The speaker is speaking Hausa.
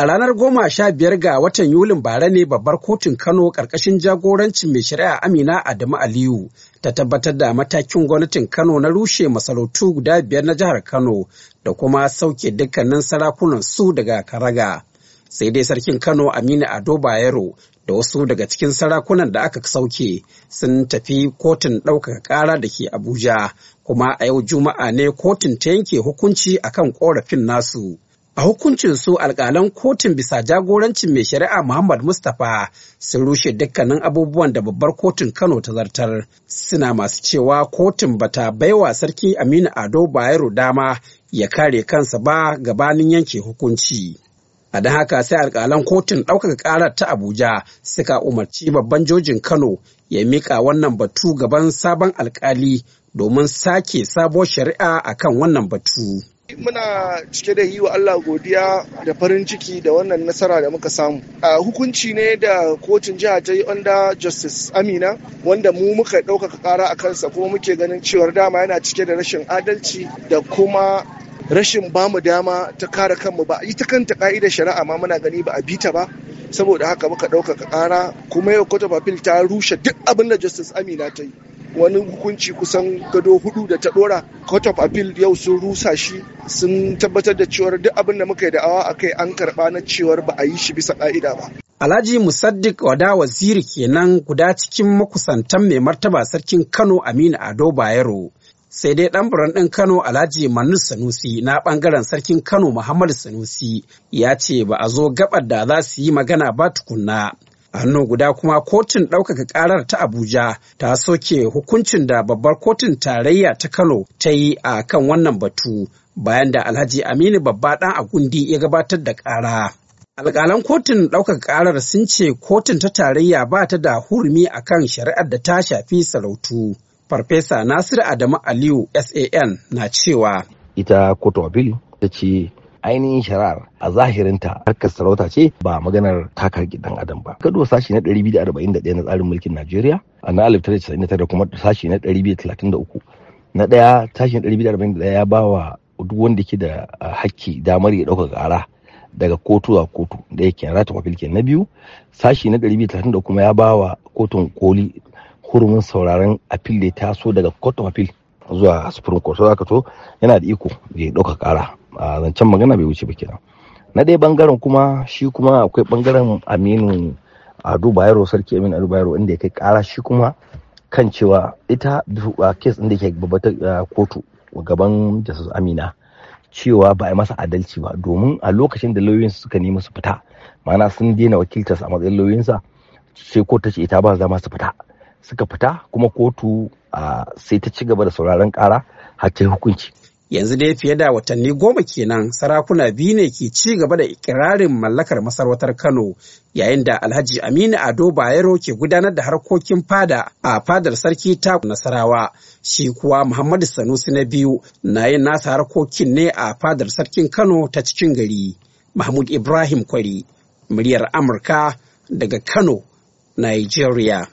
A ranar goma sha biyar ga watan Yulin bara ne babbar kotun Kano ƙarƙashin jagorancin mai shari'a Amina Adamu Aliyu ta tabbatar da matakin gwamnatin Kano na rushe masarautu guda biyar na jihar Kano da kuma sauke dukkanin sarakunan su daga karaga. Sai dai sarkin Kano Aminu Ado Bayero da wasu daga cikin sarakunan da aka sauke sun tafi kotun ɗaukaka ƙara da ke Abuja kuma a yau Juma'a ne kotun ta yanke hukunci akan ƙorafin nasu. A hukuncin su alkalan kotun bisa jagorancin mai shari'a Muhammad Mustapha sun rushe dukkanin abubuwan da babbar kotun Kano ta zartar. Suna masu cewa kotun bata baiwa sarki Aminu Ado Bayero dama ya kare kansa ba gabanin yanke hukunci. A don haka sai alkalan kotun ɗaukaka ƙarar ta Abuja suka umarci babban jojin Kano ya miƙa wannan batu gaban sabon alkali domin sake sabuwar shari'a akan wannan batu. muna cike da yi wa Allah godiya da farin ciki da wannan nasara da muka samu. A hukunci ne da kotun jiha ta yi under justice Amina wanda mu muka ɗaukaka ƙara a kansa kuma muke ganin cewar dama yana cike da rashin adalci da kuma rashin bamu dama ta kare kanmu ba ita kanta ka'idar shari'a ma muna gani ba a bita ba saboda haka muka ɗaukaka ƙara kuma yau kotu papil ta rushe duk abin da justice amina ta yi wani hukunci kusan gado hudu da ta dora court of appeal yau sun rusa shi sun tabbatar da cewar duk abin da muka yi da'awa a kai an karba na cewar ba a yi shi bisa ka'ida ba Alhaji Musaddiq Wada Waziri kenan guda cikin makusantan mai martaba sarkin Kano Aminu Ado Bayero. sai dai ɗan buran ɗin Kano Alhaji Manus Sanusi na ɓangaren sarkin Kano Muhammadu Sanusi ya ce ba a zo gabar da za su yi magana ba tukunna hannu guda kuma kotun ɗaukaka ƙarar ta abuja ta soke hukuncin da babbar kotun tarayya ta kano ta yi a kan wannan batu bayan da alhaji aminu babba ɗan agundi ya gabatar da ƙara alƙalan kotun ɗaukaka ƙarar sun ce kotun ta tarayya ba ta da hurumi a kan shari'ar da ta shafi sarautu farfesa nasiru adamu aliyu san na cewa ita kotu appeal ta ce ainihin shirar a zahirinta harkar sarauta ce ba maganar takar gidan adam ba kado sashi na 241 na tsarin mulkin najeriya a na 1999 kuma sashi na 233 na daya sashi na 241 ya ba wa duk wanda ke da ah, hakki damar ya ɗauka ƙara daga kotu a kotu da yake rata mafilke na biyu sashi na 233 kuma ya ba wa kotun koli hurumin sauraron apil da ya taso daga court of appeal zuwa supreme court aka to yana da iko da ya ɗauka ƙara a zancen magana bai wuce ba kenan na ɗaya bangaren kuma shi kuma akwai bangaren aminu ado bayero sarki aminu ado bayero inda ya kai kara shi kuma kan cewa ita a kes inda ke babbatar kotu gaban jasus amina cewa ba a masa adalci ba domin a lokacin da lauyoyin suka nemi su fita ma'ana sun daina wakiltarsa a matsayin lauyoyinsa sai kotu ta ce ita ba zama su fita suka fita kuma kotu sai ta ci gaba da sauraron kara har ta hukunci yanzu dai fiye da watanni goma kenan sarakuna biyu ne ke ci gaba da ikirarin mallakar masarautar kano yayin da alhaji aminu ado bayero ke gudanar da harkokin fada a fadar sarki ta nasarawa shi kuwa muhammadu sanusi na biyu na yin nasa harkokin ne a fadar sarkin kano ta cikin gari mahmud ibrahim kwari muryar amurka daga kano nigeria